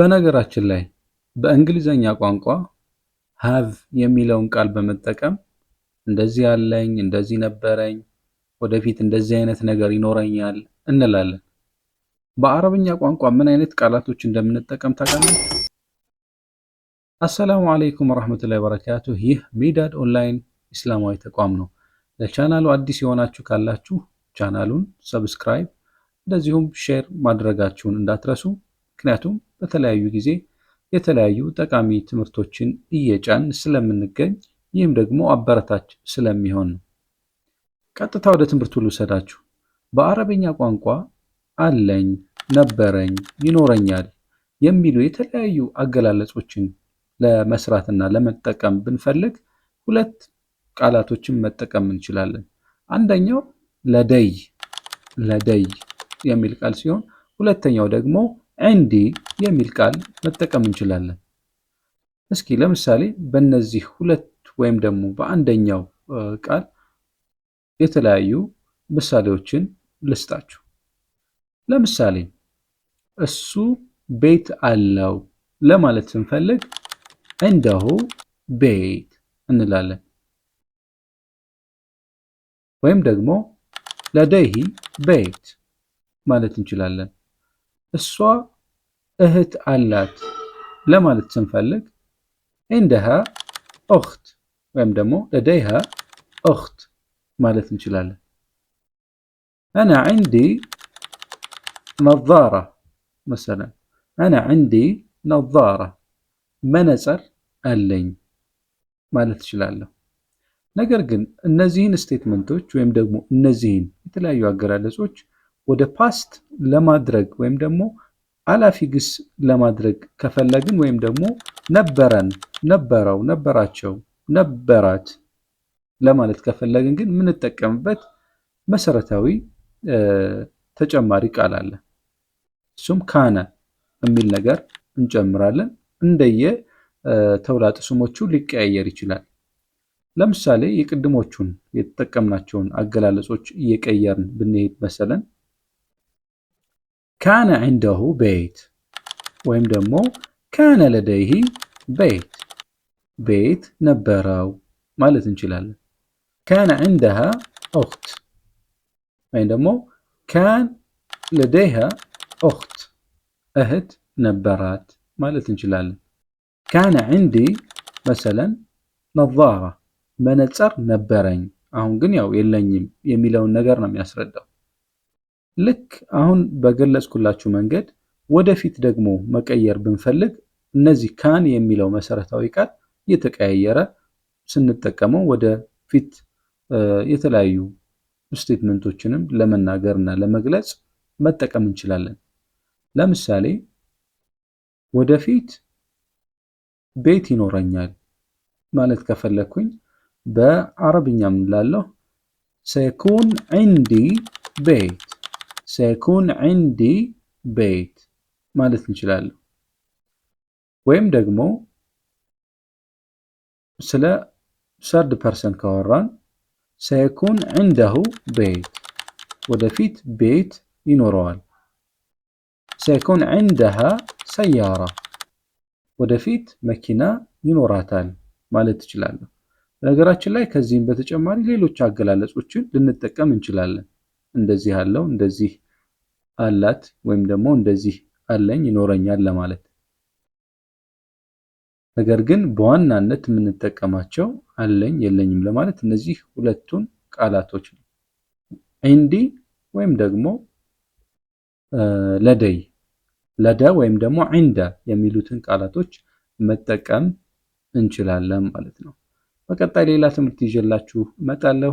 በነገራችን ላይ በእንግሊዘኛ ቋንቋ ሃቭ የሚለውን ቃል በመጠቀም እንደዚህ ያለኝ እንደዚህ ነበረኝ፣ ወደፊት እንደዚህ አይነት ነገር ይኖረኛል እንላለን። በአረብኛ ቋንቋ ምን አይነት ቃላቶች እንደምንጠቀም ታውቃለህ? አሰላሙ አለይኩም ወራህመቱላሂ ወበረካቱ። ይህ ሚዳድ ኦንላይን እስላማዊ ተቋም ነው። ለቻናሉ አዲስ የሆናችሁ ካላችሁ ቻናሉን ሰብስክራይብ እንደዚሁም ሼር ማድረጋችሁን እንዳትረሱ ምክንያቱም በተለያዩ ጊዜ የተለያዩ ጠቃሚ ትምህርቶችን እየጫን ስለምንገኝ ይህም ደግሞ አበረታች ስለሚሆን ነው። ቀጥታ ወደ ትምህርቱ ልውሰዳችሁ። በአረበኛ ቋንቋ አለኝ፣ ነበረኝ፣ ይኖረኛል የሚሉ የተለያዩ አገላለጾችን ለመስራትና ለመጠቀም ብንፈልግ ሁለት ቃላቶችን መጠቀም እንችላለን። አንደኛው ለደይ ለደይ የሚል ቃል ሲሆን ሁለተኛው ደግሞ ኤንዲ የሚል ቃል መጠቀም እንችላለን። እስኪ ለምሳሌ በእነዚህ ሁለት ወይም ደግሞ በአንደኛው ቃል የተለያዩ ምሳሌዎችን ልስጣችሁ። ለምሳሌ እሱ ቤት አለው ለማለት ስንፈልግ እንደሁ ቤት እንላለን። ወይም ደግሞ ለደሂ ቤት ማለት እንችላለን። እሷ እህት አላት ለማለት ስንፈልግ ኢንደሃ ኦክት ወይም ደግሞ ለደይሃ ኦክት ማለት እንችላለን። አና ዕንዲ ነዛራ መሰላ አና ዕንዲ ነዛራ መነጽር አለኝ ማለት እችላለሁ። ነገር ግን እነዚህን ስቴትመንቶች ወይም ደግሞ እነዚህን የተለያዩ አገላለጾች ወደ ፓስት ለማድረግ ወይም ደግሞ አላፊ ግስ ለማድረግ ከፈለግን ወይም ደግሞ ነበረን፣ ነበረው፣ ነበራቸው፣ ነበራት ለማለት ከፈለግን ግን የምንጠቀምበት መሰረታዊ ተጨማሪ ቃል አለ። እሱም ካነ የሚል ነገር እንጨምራለን። እንደየ ተውላጥ ስሞቹ ሊቀያየር ይችላል። ለምሳሌ የቅድሞቹን የተጠቀምናቸውን አገላለጾች እየቀየርን ብንሄድ መሰለን كان عنده بيت ويم دمو كان لديه بيت بيت نبراو مالت انشلال كان عندها أخت ويم دمو كان لديها أخت أهت نبرات مالت انشلال كان عندي مثلا نظارة منتر نبرين أهون قنيا ويلا يميلون نقرنا من أسرده ልክ አሁን በገለጽኩላችሁ መንገድ ወደፊት ደግሞ መቀየር ብንፈልግ እነዚህ ካን የሚለው መሰረታዊ ቃል እየተቀያየረ ስንጠቀመው ወደፊት የተለያዩ ስቴትመንቶችንም ለመናገር እና ለመግለጽ መጠቀም እንችላለን። ለምሳሌ ወደፊት ቤት ይኖረኛል ማለት ከፈለግኩኝ በአረብኛም ላለሁ ሰኩን ዒንዲ ቤት ሰይኩን ዒንዲ ቤት ማለት እንችላለን። ወይም ደግሞ ስለ ሰርድ ፐርሰን ካወራን ሰይኩን ዒንደሁ ቤት ወደፊት ቤት ይኖረዋል። ሰይኩን ዒንደሃ ሰያራ ወደፊት መኪና ይኖራታል ማለት ትችላለህ። በነገራችን ላይ ከዚህም በተጨማሪ ሌሎች አገላለጾችን ልንጠቀም እንችላለን። እንደዚህ አለው፣ እንደዚህ አላት፣ ወይም ደግሞ እንደዚህ አለኝ ይኖረኛል ለማለት ነገር ግን በዋናነት የምንጠቀማቸው አለኝ የለኝም ለማለት እነዚህ ሁለቱን ቃላቶች ነው። ወይም ደግሞ ለደይ ለደ ወይም ደግሞ ዒንደ የሚሉትን ቃላቶች መጠቀም እንችላለን ማለት ነው። በቀጣይ ሌላ ትምህርት ይዤላችሁ እመጣለሁ።